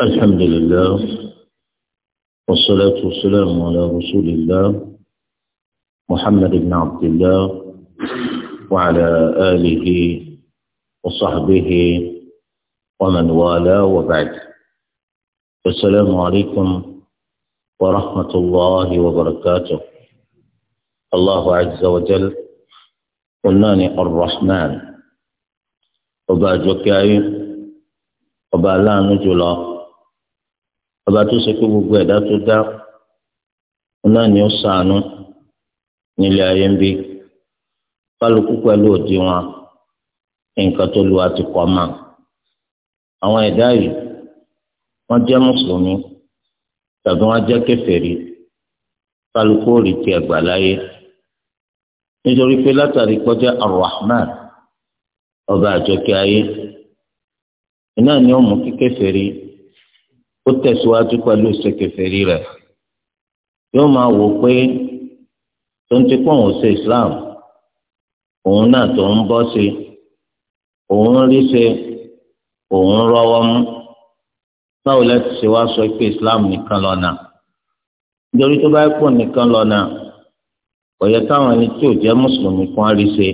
الحمد لله والصلاة والسلام على رسول الله محمد بن عبد الله وعلى آله وصحبه ومن والاه وبعد السلام عليكم ورحمة الله وبركاته الله عز وجل قلنا الرحمن وبعد وكاين وبعد لا نجلا ọba tó ṣe pé gbogbo ẹ̀dá tó dá ọ̀nà ni ó ṣàánú nílé ayé ń bí kálukú pẹ̀lú òdiwọ̀n nǹkan tó lu àti kọ́ máa àwọn ẹ̀dá yìí wọ́n jẹ́ mùsùlùmí tàbí wọ́n jẹ́ kèfèrí kálukú ò rí tiẹ̀ gbà láyé nítorí pé látàrí kọjá arrahman ọba àjọkẹ́ ayé iná ni ó mú kí kèfèrí ó tẹ̀síwájú pẹ̀lú ìṣèkèfèrí rẹ̀ yóò máa wò pé tó ń ti pọ̀ òun ṣe islam òun náà tó ń bọ́ ṣe òun rí ṣe òun rọ́wọ́ mú báwo lẹ́tí ṣe wá sọ pé islam nìkan lọ́nà nítorí tó bá pọ̀ nìkan lọ́nà kò yẹ káwọn ẹni tí ò jẹ́ mùsùlùmí kan rí ṣe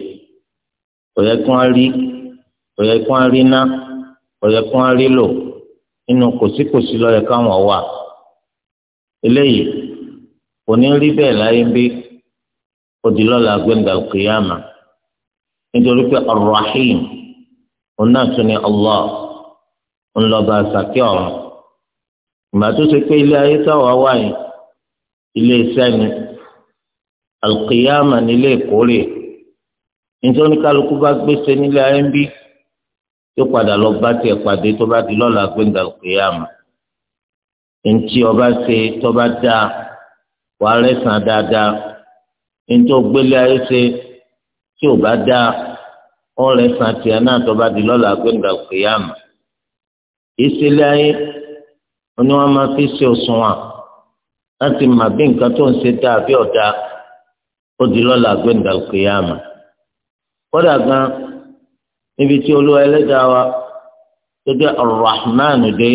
kò yẹ rí kò yẹ rí ná kò yẹ rí lò inú kòsíkòsí lọ́yẹ káwọn wà eléyìí kò ní rí bẹ́ẹ̀ láyé bí odilọ́la gbẹ̀ngà kìyàmà nítorí pé Ar-Rahim ọ̀nà tún ni Allah ńlọba sàkíọ̀ ọ̀run ìgbà tó ṣe pé ilé ayé táwa wà yìí ilé iṣẹ́ ni alkìyàmà nílé ìkórè nítorí kálukú bá gbèsè nílé ayé ń bí tó padà lọ bá tiẹ̀ pàdé tó bá di lọ́la gbẹ̀ngà òkèèyàmà ntí ọba ṣe tọba dá wàá rẹ̀sán dáadáa ntí ògbélé ayé ṣe tí ò bá dá ọ rẹ̀sán tiẹ̀ náà tọba di lọ́la gbẹ̀ngà òkèèyàmà ìṣẹ̀lẹ̀ ayé oní wọn máa fi ṣe òṣùwọ̀n láti mà bí nǹkan tó ń ṣe dáa bí ọ̀dá ó di lọ́la gbẹ̀ngà òkèèyàmà kódà gan-an níbi tí olúwa ẹlẹ́dàá wa tó jẹ́ Ar-Rahman dé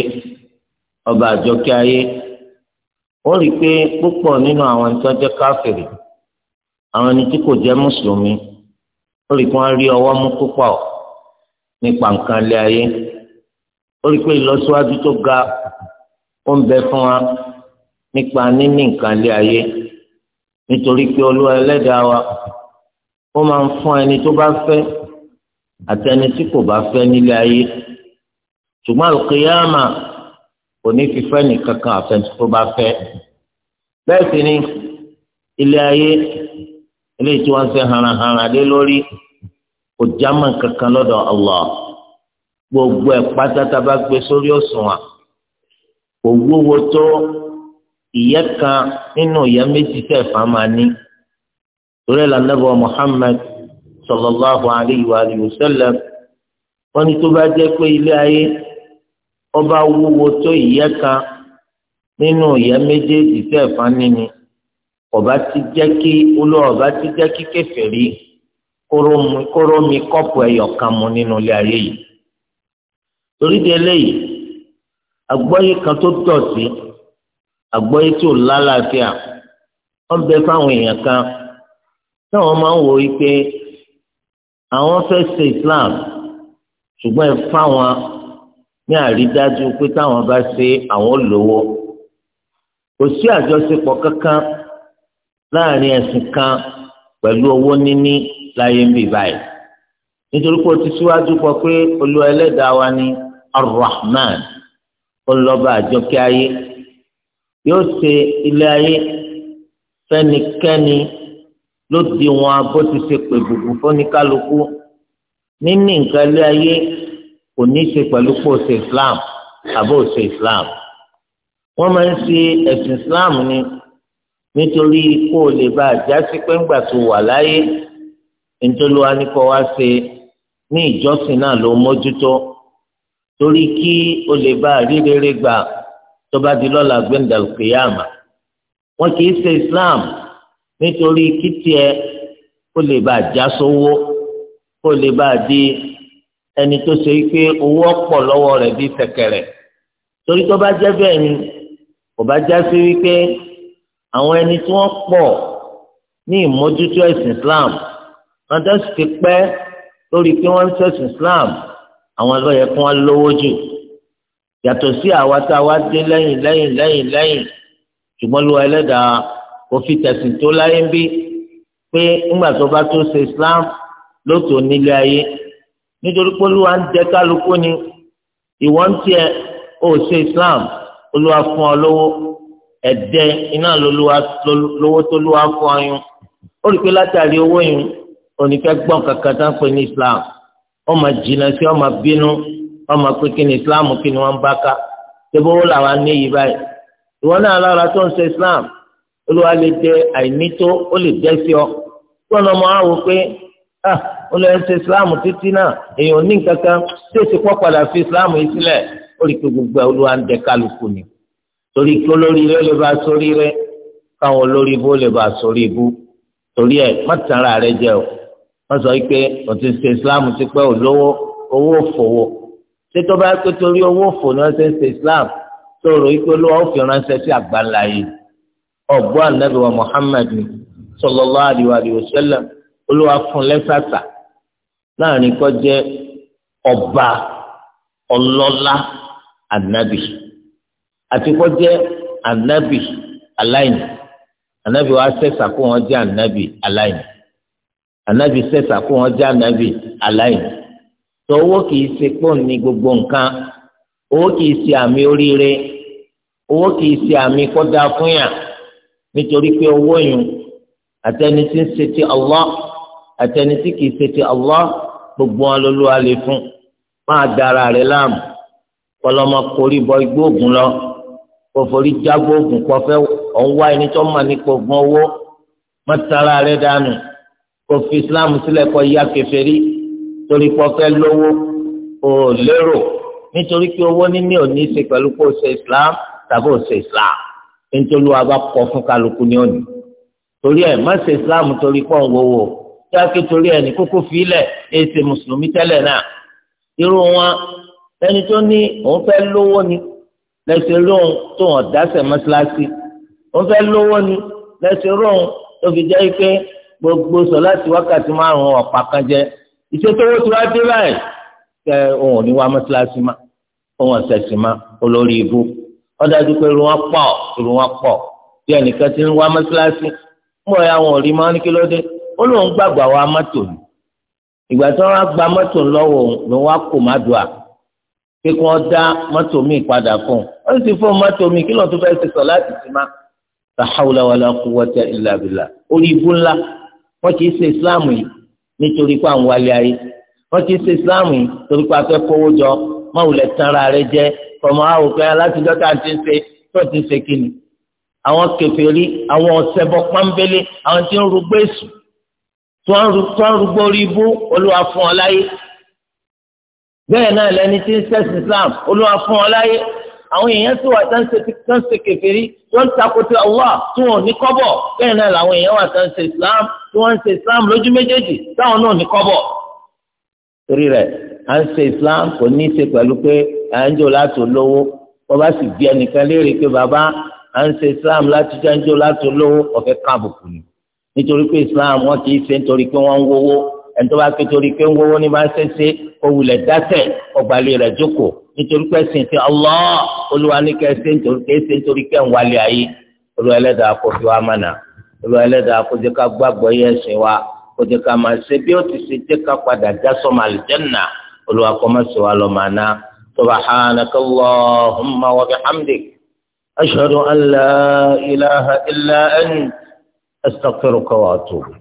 ọba àjọkẹ́ ayé ó rí i pé púpọ̀ nínú àwọn ẹni tó jẹ́ káfìrì àwọn ẹni tí kò jẹ́ mùsùlùmí ó rí i pé wọ́n rí ọwọ́ mú púpọ̀ nípa nǹkan ilé ayé ó rí i pé ìlọsíwájú tó ga ó ń bẹ fún wa nípa níní nǹkan ilé ayé nítorí pé olúwa ẹlẹ́dàá wa ó máa ń fún ẹni tó bá fẹ́ àtẹni tí kò bá fẹ́ nílé ayé ṣùgbọ́n àlùkìyàmà kò ní fi fẹ́ nìkankan àfẹnusí tó bá fẹ́ bẹ́ẹ̀ sì ni ilé ayé ilé tí wọ́n ṣe haranhara lé lórí kò jámọ́ kankan lọ́dọ̀ Allah gbogbo ẹ̀ pátátá bá gbé sórí òṣùwọ̀n kò wúwo tó ìyẹ́ kan nínú ìyẹ́ méjì tẹ̀ fà ní torí ẹ̀ lànà bọ̀ Muhammad sallallahu alayhi wa alihi wa sallam wọ́n ní tó bá jẹ́ pé ilé ayé ọba wúwo tó ìyẹ́ kan nínú ìyẹ́ méjèèjì tẹ fani ni ọba ti jẹ́ kí olóò ọba ti jẹ́ kí kèfèrí kóró mi kọ́pù ẹyọ kan mu nínú ilé ayé yìí torí di eléyìí àgbọ́yé kan tó dọ̀tí àgbọ́yé tí lálàáfíà wọ́n bẹ fáwọn èèyàn kan táwọn máa ń wò ó àwọn fẹ́ ṣe islam ṣùgbọ́n ẹ fáwọn ní àrídájú pé táwọn bá ṣe àwọn lówó kò sí àjọṣepọ̀ kankan láàrin ẹ̀sìn kan pẹ̀lú owó níní láyé ń bì báyìí nítorí pé o ti síwájú pọ̀ pé olúwa ẹlẹ́dàá wa ni arrahman ọlọ́ba àjọkẹ́ ayé yóò ṣe ilé ayé fẹ́nikẹ́ni ló di wọn abó ti ṣe pé gbogbo fóníkálukú níní nǹkan ilé ayé kò ní í ṣe pẹ̀lú pé ṣe islam àbó ó ṣe islam wọ́n máa ń ṣe ẹ̀sìn islam ni nítorí kó o lè bá àjásí pé ńgbà tó wà láyé nítorí wa ní kó wá ṣe ní ìjọsìn náà ló mójútó torí kí o lè bá rí gbà tó bá di lọ́la gbẹ̀ndàlùkìyàmà wọ́n kì í ṣe islam nítorí kí tiẹ̀ kó lè bá já sówó kó lè bá di ẹni tó ṣe pé owó ọ̀pọ̀ lọ́wọ́ rẹ̀ bí ṣẹ̀kẹ̀rẹ̀ torí tó bá jẹ́ bẹ́ẹ̀ ni kò bá já sí wípé àwọn ẹni tí wọ́n pọ̀ ní ìmójútó ẹ̀sìn Islam wọ́n tó sì ti pẹ́ lórí pé wọ́n ń ṣẹ̀sìn Islam àwọn ló yẹ kí wọ́n lówó jù yàtọ̀ sí àwa tá a wá dé lẹ́yìn lẹ́yìn lẹ́yìn lẹ́yìn ṣùgbọ́n ló ẹlẹ́dàá òfin tẹ̀sìn tó láyé ń bí pé ńgbà tó bá tó ṣe islam ló tó nílé ayé nítorí pé olúwa ń jẹ kálukú ni ìwọ ń tiẹ̀ ó ṣe islam olúwa fún ọ lówó ẹdẹ iná lówó tó lówó fún ọ yún ó rí i pé látàrí owó yún oníkẹ́ gbọ́n kankan tá ń ní islam ọmọ jìnnà sí ọmọ bínú ọmọ pé kí ni islam kí ni wọ́n ń bá ká ṣé bówó làwọn á ní yìí báyìí ìwọ náà lára tó ń ṣe islam olúwa lè jẹ àìní tó ó lè jẹ sí ọ tó ọ̀nà ọmọ àwò pé ó lọ ṣe islam títí náà èèyàn ní nǹkan kan tí èsì pọ̀ padà fi islam yìí sílẹ̀ ó rí i pé gbogbo olúwa ń dẹ kálukú ni torí kí olórí rẹ lè bá sórí rẹ káwọn olórí ibú lè bá sórí ibú torí ẹ má tanra rẹ jẹ o wọ́n sọ pé wọ́n ṣe islam ti pẹ́ olówó owó òfòwò ṣé tó bá pé torí owó òfò ni wọ́n ṣe ń ṣe islam tó rò wípé olúwa ó fi ránṣẹ́ sí àgbáńlá yìí ọgbọ anabi wa muhammad sallallahu alayhi wa sallam olúwa fún lẹsàtà láàrin kó jẹ́ ọba ọlọ́lá anabi àti kó jẹ́ anabi aláìní anabi wa sẹsà kó wọn jẹ́ anabi aláìní anabi sẹsà kó wọn jẹ́ anabi aláìní tọwọ kìí ṣe pọ ní gbogbo nǹkan owó kìí ṣe àmì oríire owó kìí ṣe àmì kódà fún yàn nítorí pé owó yìí àtẹni tí ń ṣe ti Allah àtẹni tí kìí ṣe ti Allah gbogbo wọn lolú alẹ́ fún máa dára rẹ láàmú kọlọmọ korí bọ igbó ògùn lọ kò forí jágbó ògùn kọfẹ ọ̀nwá ẹni tó mà nípa ògùn owó mọ́tara rẹ dànù kò fi Islam sílẹ̀ kọ́ ya kèfèrí torí kọfẹ́ lówó ò lérò nítorí pé owó níní ò ní í ṣe pẹ̀lú kó o ṣe Islam tàbí ò ṣe Islam nítorí wàá bá kọ fún kálukú ní òní torí ẹ má ṣe islam torí pọ̀ ń wowó kíákí torí ẹ ní kókó fílẹ̀ èsì mùsùlùmí tẹ́lẹ̀ náà irú wọn ẹni tó ní òun fẹ́ lówó ni lẹ́sẹ̀ lóhun tó hàn dáṣẹ̀ mọ́ṣáláṣí òun fẹ́ lówó ni lẹ́sẹ̀ lóhun tó fi jẹ́ pé gbogbo sọ láti wákàtí márùn-ún ọ̀pá kan jẹ́ ìṣètòwó tí wàá dé báyìí kẹ òun ò ní wá mọ́ṣáláṣí má òun ọ̀sẹ̀ sì má olórí ibú ọdájú pé irun wọn pọ̀ irun wọn pọ̀ bí ẹnìkan ti ń wá mọ́ṣáláṣí mọ̀ ẹ́ àwọn òrí máa ń kí lóde ó lóun gbàgbà wa mọ́tò ni ìgbà tí wọ́n gba mọ́tò lọ́wọ́ ló wá kò má dùn à pé kí wọ́n dá mọ́tò míì padà fún un ó sì fún mọ́tò míì kí lóun tó fẹ́ẹ́ ti sọ láti ti má sàhàwùlà wàlà kú wọ́tẹ ìlà bìlà orí ibú ńlá wọ́n ti ṣe ìsìláàmù yìí nítorí pé àwọn wálé ayé wọ́n ti ṣe ìsìláàmù yìí torí pé afẹ́ kówó jọ máwùlẹ̀ tán ara rẹ jẹ́ ọmọ àwòkọ alátijọ́ tá à ń ti ṣe tó ti ṣe kíni àwọn kèfèrí àwọn ọ̀sẹ̀bọ pọ́nbélé àwọn tí ń rúgbó èṣù tó ń rúgbó orí ibú olúwa fún ọ láyé bẹ́ẹ̀ náà lẹni tí ń ṣẹ̀sìn Islam olúwa fún ọ láyé àwọn èèyàn tó wà tá ń ṣe tó ń ṣe kèfèrí tó ń takoto Allah tí wọn ò ní kọ́bọ̀ bẹ́ẹ̀ náà làwọn èèyàn wà tá ń ṣe Islam tí wọ́n ń ṣe Islam lójú méjèèjì táwọn náà ò ní kọ́bọ̀ torí rẹ̀ à ń ṣe islam kò ní í ṣe pẹ̀lú pé à ń jò láti olówó wọ́n bá sì bí ẹnìkan léèrè pé bàbá à ń ṣe islam láti jẹ́ ń jò láti olówó ọ̀fẹ́ káàbùkù ni nítorí pé islam wọn kì í ṣe nítorí pé wọ́n ń wówó ẹni tó bá ké torí pé ń wówó ní máa ń ṣẹṣẹ òwúlẹ̀ dátẹ̀ ọgbàlẹ̀ rẹ̀ jókòó nítorí pé ẹ̀sìn ti Allah olúwa ní kẹ́ ṣe nítorí pé ṣe nítorí pé ń wálé ayé olúwa ẹlẹ́dàá kò fi wá mọ̀nà olúwa ẹlẹ́dàá kò jẹ́ ká gbàgbọ́ yẹ ẹ̀sìn wa kò jẹ́ ká máa ṣe bí ó ti ṣe jẹ́ ká padà já sọ́mọ àlùjànnà olúwa kó má ṣe wá lọ màá ná subhanaka allahumma wa bihamdik ashhadu an la ilaha illa ant astaghfiruka wa atubu.